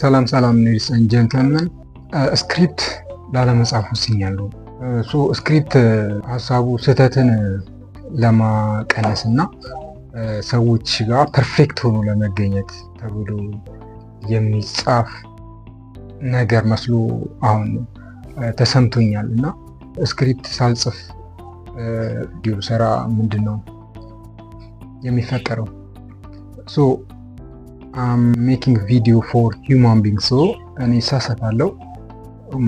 ሰላም ሰላም ሌዲስ ኤንድ ጀንተልመን። ስክሪፕት ላለመጻፍ ወስኛለሁ። ስክሪፕት ሀሳቡ ስህተትን ለማቀነስ እና ሰዎች ጋር ፐርፌክት ሆኖ ለመገኘት ተብሎ የሚጻፍ ነገር መስሎ አሁን ተሰምቶኛል እና ስክሪፕት ሳልጽፍ ቪዲዮ ስራ ምንድን ነው የሚፈጠረው? አም ሜኪንግ ቪዲዮ ፎር ሂውማን ቢንግ ሶ እኔ ይሳሳታለሁ።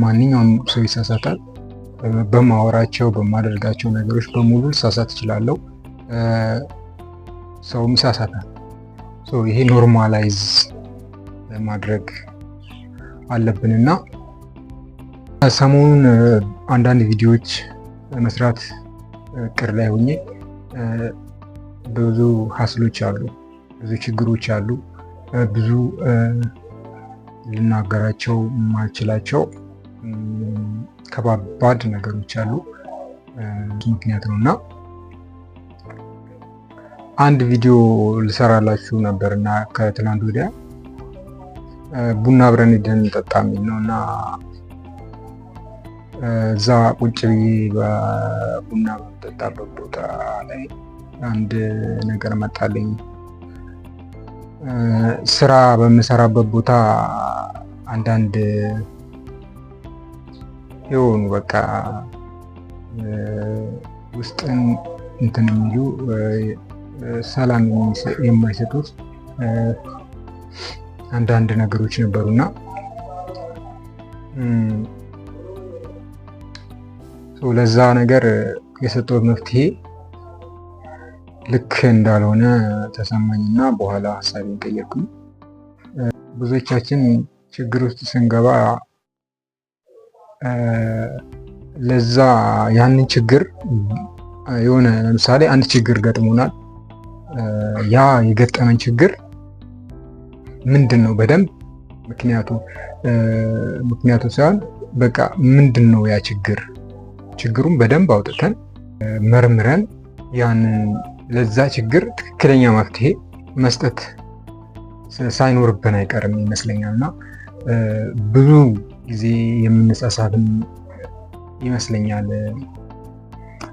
ማንኛውም ሰው ይሳሳታል። በማወራቸው በማደርጋቸው ነገሮች በሙሉ ልሳሳት እችላለሁ። ሰውም ይሳሳታል። ይሄ ኖርማላይዝ ማድረግ አለብንና ሰሞኑን አንዳንድ ቪዲዮዎች መስራት ቅር ላይ ሆኜ ብዙ ሀስሎች አሉ፣ ብዙ ችግሮች አሉ። ብዙ ልናገራቸው የማልችላቸው ከባባድ ነገሮች አሉ። ምክንያት ነው እና አንድ ቪዲዮ ልሰራላችሁ ነበር እና ከትናንት ወዲያ ቡና አብረን ሄደን እንጠጣ የሚል ነው እና እዛ ቁጭ ብዬ በቡና በምጠጣበት ቦታ ላይ አንድ ነገር መጣለኝ። ስራ በምሰራበት ቦታ አንዳንድ የሆኑ በቃ ውስጥን እንትን የሚሉ ሰላም የማይሰጡት አንዳንድ ነገሮች ነበሩና ለዛ ነገር የሰጠሁት መፍትሄ ልክ እንዳልሆነ ተሰማኝና በኋላ ሀሳቤን ቀየርኩኝ። ብዙዎቻችን ችግር ውስጥ ስንገባ ለዛ ያንን ችግር የሆነ ለምሳሌ አንድ ችግር ገጥሞናል። ያ የገጠመን ችግር ምንድን ነው? በደንብ ምክንያቱ ምክንያቱ ሳይሆን በቃ ምንድን ነው ያ ችግር፣ ችግሩን በደንብ አውጥተን መርምረን ያንን ለዛ ችግር ትክክለኛ መፍትሄ መስጠት ሳይኖርብን አይቀርም ይመስለኛል እና ብዙ ጊዜ የምንሳሳትም ይመስለኛል።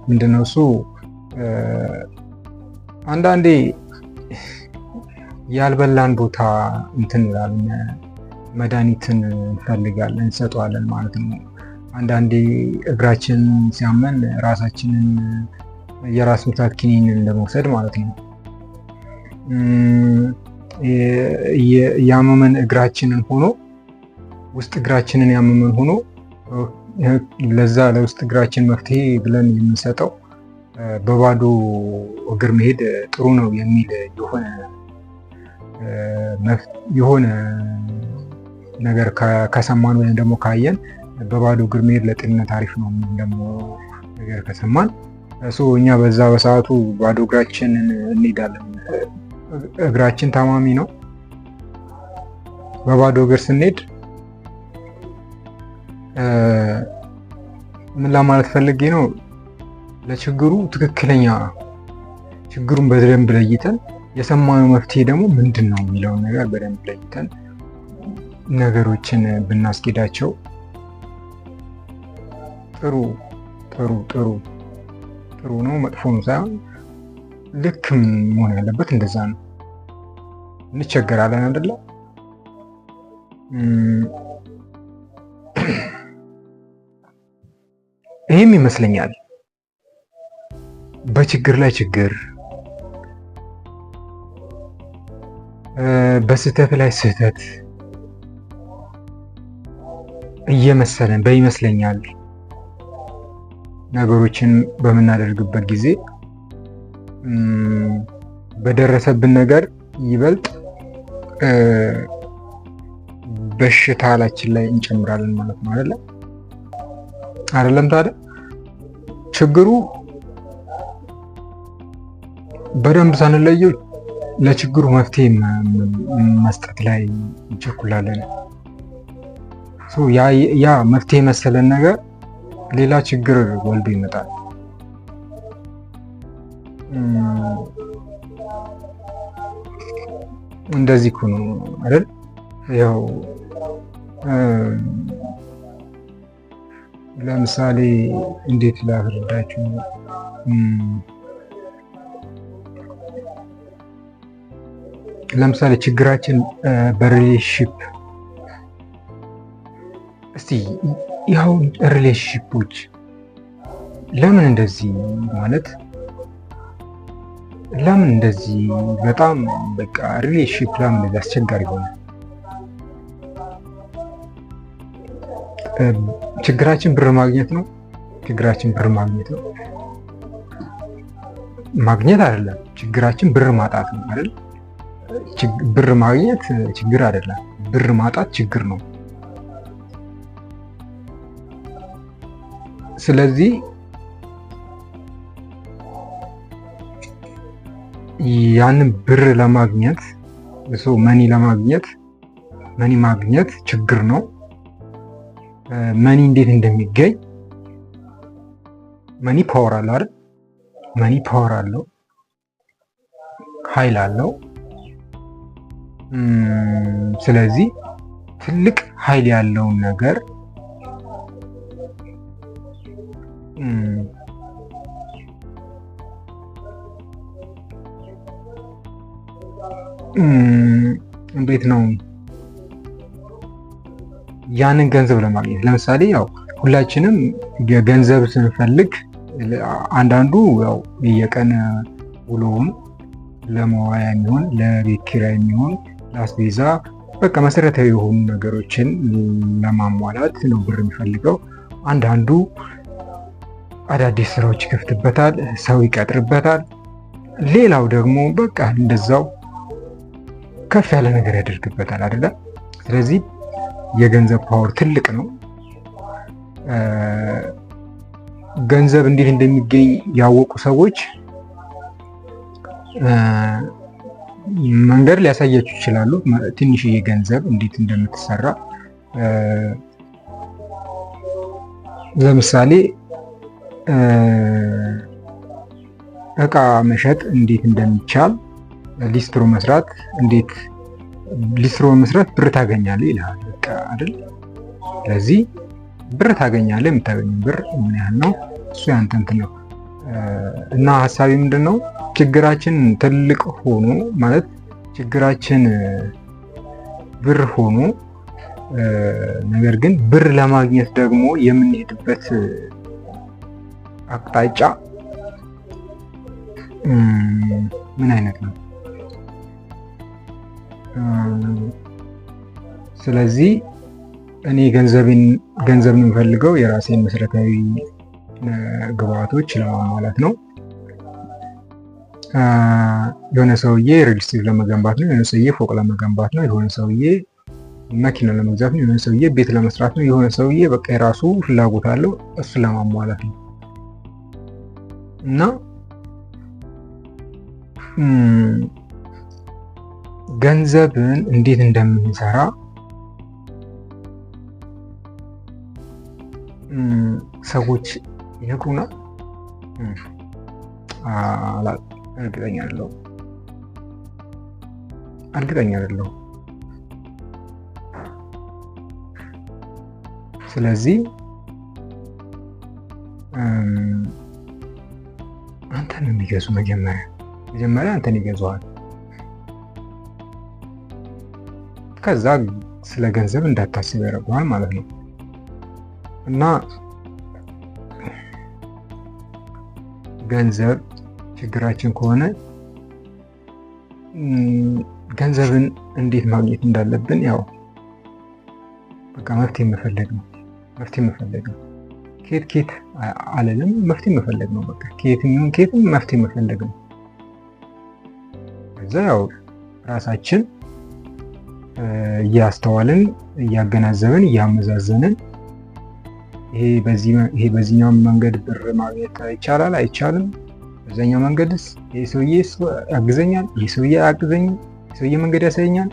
ምንድነው እሱ አንዳንዴ ያልበላን ቦታ እንትን እንላለን፣ መድኃኒትን እንፈልጋለን፣ እንሰጠዋለን ማለት ነው። አንዳንዴ እግራችንን ሲያመን ራሳችንን የራስ ሚታኪኒንን ለመውሰድ ማለት ነው። ያመመን እግራችንን ሆኖ ውስጥ እግራችንን ያመመን ሆኖ ለዛ ለውስጥ እግራችን መፍትሄ ብለን የምንሰጠው በባዶ እግር መሄድ ጥሩ ነው የሚል የሆነ የሆነ ነገር ከሰማን ወይም ደግሞ ካየን በባዶ እግር መሄድ ለጤንነት አሪፍ ነው ደግሞ ነገር ከሰማን እሱ እኛ በዛ በሰዓቱ ባዶ እግራችን እንሄዳለን። እግራችን ታማሚ ነው። በባዶ እግር ስንሄድ ምን ለማለት ፈልጌ ነው? ለችግሩ ትክክለኛ ችግሩን በደንብ ለይተን የሰማነው መፍትሄ ደግሞ ምንድን ነው የሚለውን ነገር በደንብ ለይተን ነገሮችን ብናስኬዳቸው ጥሩ ጥሩ ጥሩ ጥሩ ነው መጥፎም ሳይሆን ልክም መሆን ያለበት እንደዛ ነው። እንቸገራለን አደለ? ይህም ይመስለኛል በችግር ላይ ችግር፣ በስህተት ላይ ስህተት እየመሰለን በይመስለኛል ነገሮችን በምናደርግበት ጊዜ በደረሰብን ነገር ይበልጥ በሽታ ላችን ላይ እንጨምራለን ማለት ነው። አይደለም አይደለም። ታዲያ ችግሩ በደንብ ሳንለየው ለችግሩ መፍትሄ መስጠት ላይ እንቸኩላለን። ያ መፍትሄ መሰለን ነገር ሌላ ችግር ወልዶ ይመጣል። እንደዚህ እኮ ነው አይደል? ያው ለምሳሌ እንዴት ላስረዳችሁ? ለምሳሌ ችግራችን በሪሌሽንሺፕ እስቲ ይኸው ሪሌሽንሺፖች ለምን እንደዚህ ማለት ለምን እንደዚህ በጣም በቃ ሪሌሽንሺፕ ለምን እንደዚህ አስቸጋሪ ሆነ? ችግራችን ብር ማግኘት ነው። ችግራችን ብር ማግኘት ነው ማግኘት አይደለም። ችግራችን ብር ማጣት ነው አይደል? ብር ማግኘት ችግር አይደለም። ብር ማጣት ችግር ነው። ስለዚህ ያንን ብር ለማግኘት ሰው መኒ ለማግኘት መኒ ማግኘት ችግር ነው። መኒ እንዴት እንደሚገኝ መኒ ፓወር አለ አይደል? መኒ ፓወር አለው፣ ኃይል አለው። ስለዚህ ትልቅ ኃይል ያለውን ነገር እንዴት ነው ያንን ገንዘብ ለማግኘት ለምሳሌ ያው ሁላችንም የገንዘብ ስንፈልግ አንዳንዱ ያው የቀን ውሎውን ለመዋያ የሚሆን ለቤት ኪራይ የሚሆን ለአስቤዛ በቃ መሰረታዊ የሆኑ ነገሮችን ለማሟላት ነው ብር የሚፈልገው። አንዳንዱ አዳዲስ ስራዎች ይከፍትበታል፣ ሰው ይቀጥርበታል። ሌላው ደግሞ በቃ እንደዛው ከፍ ያለ ነገር ያደርግበታል አይደለ? ስለዚህ የገንዘብ ፓወር ትልቅ ነው። ገንዘብ እንዴት እንደሚገኝ ያወቁ ሰዎች መንገድ ሊያሳያችሁ ይችላሉ። ትንሽዬ ገንዘብ እንዴት እንደምትሰራ ለምሳሌ እቃ መሸጥ እንዴት እንደሚቻል ሊስትሮ መስራት እንዴት ሊስትሮ መስራት ብር ታገኛለህ ይላል በቃ አይደል? ስለዚህ ብር ታገኛለህ። የምታገኘው ብር ምን ያህል ነው? እሱ ያንተ እንትን ነው እና ሀሳቢ ምንድን ነው? ችግራችን ትልቅ ሆኖ ማለት ችግራችን ብር ሆኖ ነገር ግን ብር ለማግኘት ደግሞ የምንሄድበት አቅጣጫ ምን አይነት ነው? ስለዚህ እኔ ገንዘብን ገንዘብ የምፈልገው የራሴን መሰረታዊ ግብአቶች ለማሟላት ነው። የሆነ ሰውዬ ሪል ለመገንባት ነው። የሆነ ሰውዬ ፎቅ ለመገንባት ነው። የሆነ ሰውዬ መኪና ለመግዛት ነው። የሆነ ሰውዬ ቤት ለመስራት ነው። የሆነ ሰውዬ በቃ የራሱ ፍላጎት አለው እሱ ለማሟላት ነው። እና ገንዘብን እንዴት እንደምንሰራ ሰዎች ይነግሩናል። እርግጠኛ አይደለሁም። እርግጠኛ አለው። ስለዚህ አንተ ነው የሚገዙ። መጀመሪያ መጀመሪያ አንተን ይገዘዋል ከዛ ስለ ገንዘብ እንዳታስብ ያደርጉሃል ማለት ነው። እና ገንዘብ ችግራችን ከሆነ ገንዘብን እንዴት ማግኘት እንዳለብን ያው በቃ መፍትሄ መፈለግ ነው። መፍትሄ መፈለግ ነው። ኬት ኬት አለለም መፍትሄ መፈለግ ነው። በቃ ኬት የሚሆን ኬትም መፍትሄ መፈለግ ነው። ከዛ ያው ራሳችን እያስተዋልን እያገናዘብን እያመዛዘንን ይሄ በዚህኛው መንገድ ብር ማግኘት ይቻላል አይቻልም፣ በዛኛው መንገድስ ይሄ ሰውዬ ያግዘኛል፣ ይሄ ሰውዬ አያግዘኝም፣ ሰውዬ መንገድ ያሳየኛል፣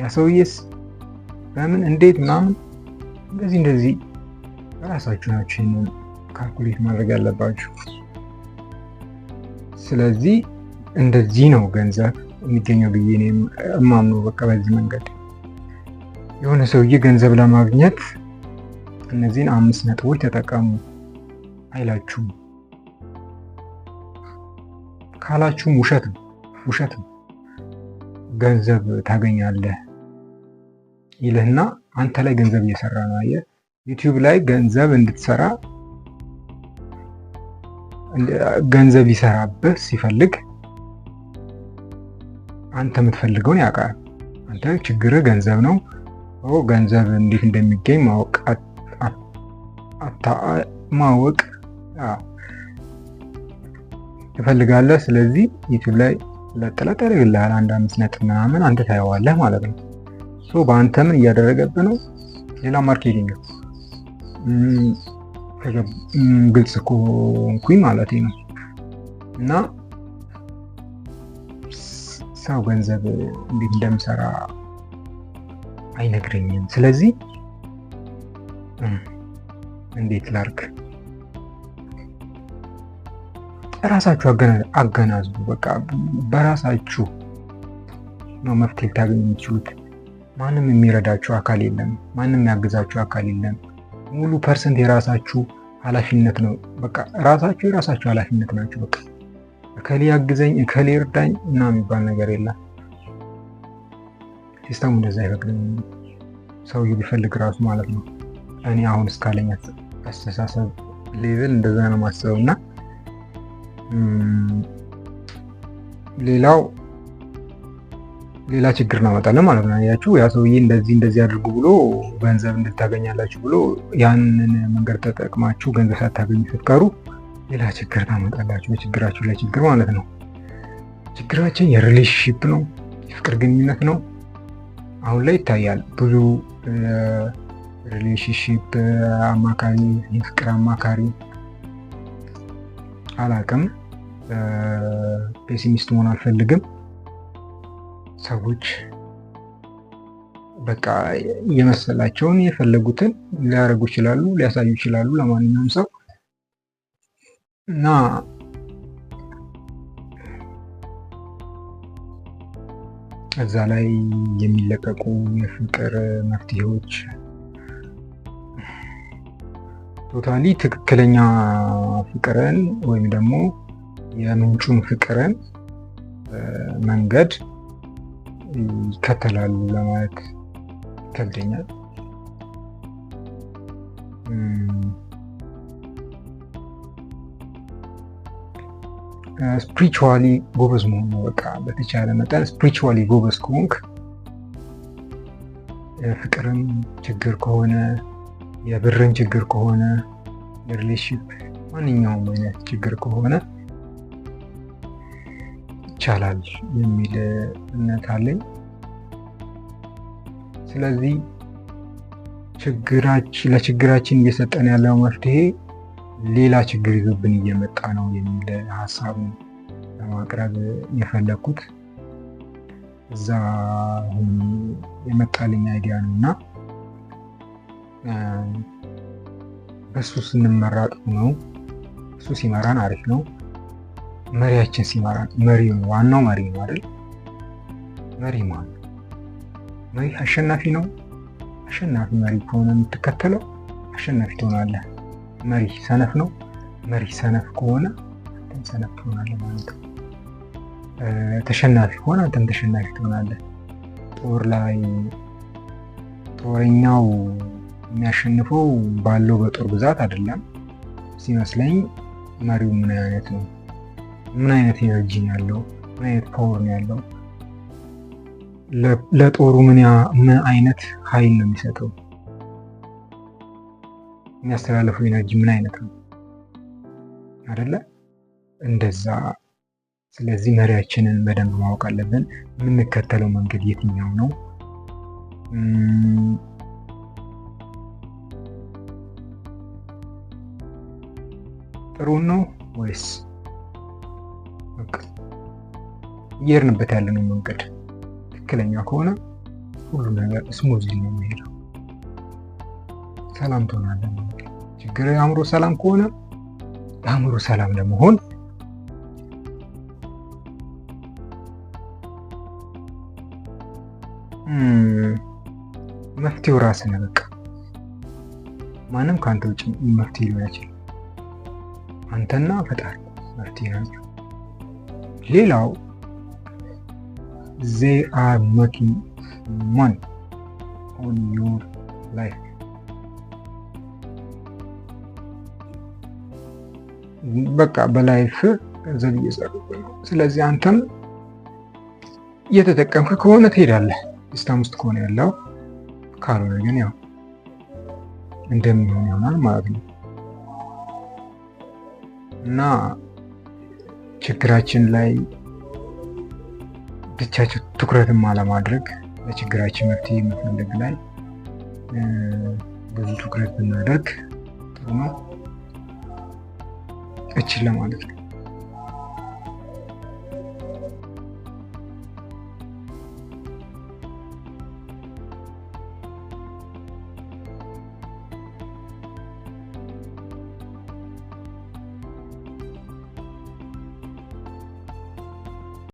ያ ሰውዬስ በምን እንዴት ምናምን እንደዚህ እንደዚህ ራሳችሁ ናችሁ ይህንን ካልኩሌት ማድረግ ያለባችሁ። ስለዚህ እንደዚህ ነው ገንዘብ የሚገኘው ብዬ እኔም እማምነው። በቃ በዚህ መንገድ የሆነ ሰውዬ ገንዘብ ለማግኘት እነዚህን አምስት ነጥቦች ተጠቀሙ አይላችሁም። ካላችሁም ውሸት ነው፣ ውሸት ነው። ገንዘብ ታገኛለህ ይልህና አንተ ላይ ገንዘብ እየሰራ ነው አየህ ዩቲዩብ ላይ ገንዘብ እንድትሰራ ገንዘብ ሊሰራብህ ሲፈልግ አንተ የምትፈልገውን ያውቃል። አንተ ችግርህ ገንዘብ ነው። ገንዘብ እንዴት እንደሚገኝ ማወቅ ማወቅ ትፈልጋለህ። ስለዚህ ዩቲዩብ ላይ ለጥለጥ ያደርግልሃል። አንድ አምስት ነጥብ ምናምን አንተ ታየዋለህ ማለት ነው። በአንተ ምን እያደረገብህ ነው? ሌላ ማርኬቲንግ ግልጽ ከሆንኩኝ ማለት ነው። እና ሰው ገንዘብ እንዴት እንደምሰራ አይነግረኝም። ስለዚህ እንዴት ላርክ እራሳችሁ አገናዝቡ። በቃ በራሳችሁ ነው መፍትሄ ልታገኙ የምትችሉት። ማንም የሚረዳችሁ አካል የለም። ማንም ያግዛችሁ አካል የለም። ሙሉ ፐርሰንት የራሳችሁ ኃላፊነት ነው። በቃ ራሳችሁ የራሳችሁ ኃላፊነት ናችሁ። በቃ እከሌ አግዘኝ እከሌ እርዳኝ እና የሚባል ነገር የለም። ሲስተሙ እንደዛ አይፈቅድም። ሰውዬው ቢፈልግ ራሱ ማለት ነው። እኔ አሁን እስካለኝ አስተሳሰብ ሌቭል እንደዛ ነው ማስበው እና ሌላው ሌላ ችግር እናመጣለን ማለት ነው። ያችሁ ያ ሰውዬ እንደዚህ እንደዚህ አድርጉ ብሎ ገንዘብ እንድታገኛላችሁ ብሎ ያንን መንገድ ተጠቅማችሁ ገንዘብ ሳታገኙ ስትቀሩ ሌላ ችግር እናመጣላችሁ። በችግራችሁ ላይ ችግር ማለት ነው። ችግራችን የሪሌሽንሽፕ ነው፣ የፍቅር ግንኙነት ነው። አሁን ላይ ይታያል ብዙ ሪሌሽንሽፕ አማካሪ፣ የፍቅር አማካሪ አላቅም፣ ፔሲሚስት መሆን አልፈልግም። ሰዎች በቃ የመሰላቸውን የፈለጉትን ሊያደርጉ ይችላሉ፣ ሊያሳዩ ይችላሉ ለማንኛውም ሰው እና እዛ ላይ የሚለቀቁ የፍቅር መፍትሄዎች ቶታሊ ትክክለኛ ፍቅርን ወይም ደግሞ የምንጩን ፍቅርን መንገድ ይከተላሉ ለማለት ይከብደኛል። ስፕሪቹዋሊ ጎበዝ መሆን ነው። በቃ በተቻለ መጠን ስፕሪቹዋሊ ጎበዝ ከሆንክ የፍቅርም ችግር ከሆነ የብርም ችግር ከሆነ የሪሌሽንሽፕ ማንኛውም አይነት ችግር ከሆነ ይቻላል የሚል እምነት አለኝ። ስለዚህ ለችግራችን እየሰጠን ያለው መፍትሄ ሌላ ችግር ይዞብን እየመጣ ነው የሚል ሀሳብ ለማቅረብ የፈለግኩት እዛ አሁን የመጣልኝ አይዲያ ነው እና በሱ ስንመራ ጥሩ ነው። እሱ ሲመራን አሪፍ ነው። መሪያችን ሲመራ መሪ ዋናው መሪ ነው አይደል? መሪ ማን ነው? መሪ አሸናፊ ነው። አሸናፊ መሪ ከሆነ የምትከተለው አሸናፊ ትሆናለህ። መሪ ሰነፍ ነው። መሪ ሰነፍ ከሆነ አንተም ሰነፍ ትሆናለህ ማለት ነው። ተሸናፊ ከሆነ አንተም ተሸናፊ ትሆናለህ። ጦር ላይ ጦረኛው የሚያሸንፈው ባለው በጦር ብዛት አይደለም ሲመስለኝ፣ መሪው ምን አይነት ነው? ምን አይነት ኤነርጂ ነው ያለው? ምን አይነት ፓወር ነው ያለው? ለጦሩ ምን አይነት ኃይል ነው የሚሰጠው? የሚያስተላለፈው ኤነርጂ ምን አይነት ነው አደለ? እንደዛ። ስለዚህ መሪያችንን በደንብ ማወቅ አለብን። የምንከተለው መንገድ የትኛው ነው? ጥሩን ነው ወይስ እየሄድንበት ያለነው መንገድ ትክክለኛ ከሆነ ሁሉ ነገር ስሙዝ ነው የሚሄደው። ሰላም ትሆናለን። ችግር የአእምሮ ሰላም ከሆነ የአእምሮ ሰላም ለመሆን መፍትሄው ራስ ነህ። በቃ ማንም ከአንተ ውጭ መፍትሄ ሊሆን አይችልም። አንተና ፈጣሪ መፍትሄ ናቸው። ሌላው they are making money on your life. በቃ በላይፍ ገንዘብ እየሰሩ ስለዚህ አንተም እየተጠቀምክ ከሆነ ትሄዳለህ፣ ሲስተም ውስጥ ከሆነ ያለው ካልሆነ ግን ያው እንደሚሆን ይሆናል ማለት ነው። እና ችግራችን ላይ ብቻቸው ትኩረትም አለማድረግ ለችግራችን መፍትሄ መፈለግ ላይ ብዙ ትኩረት ብናደርግ ጥሩ ነው። እችን ለማለት ነው።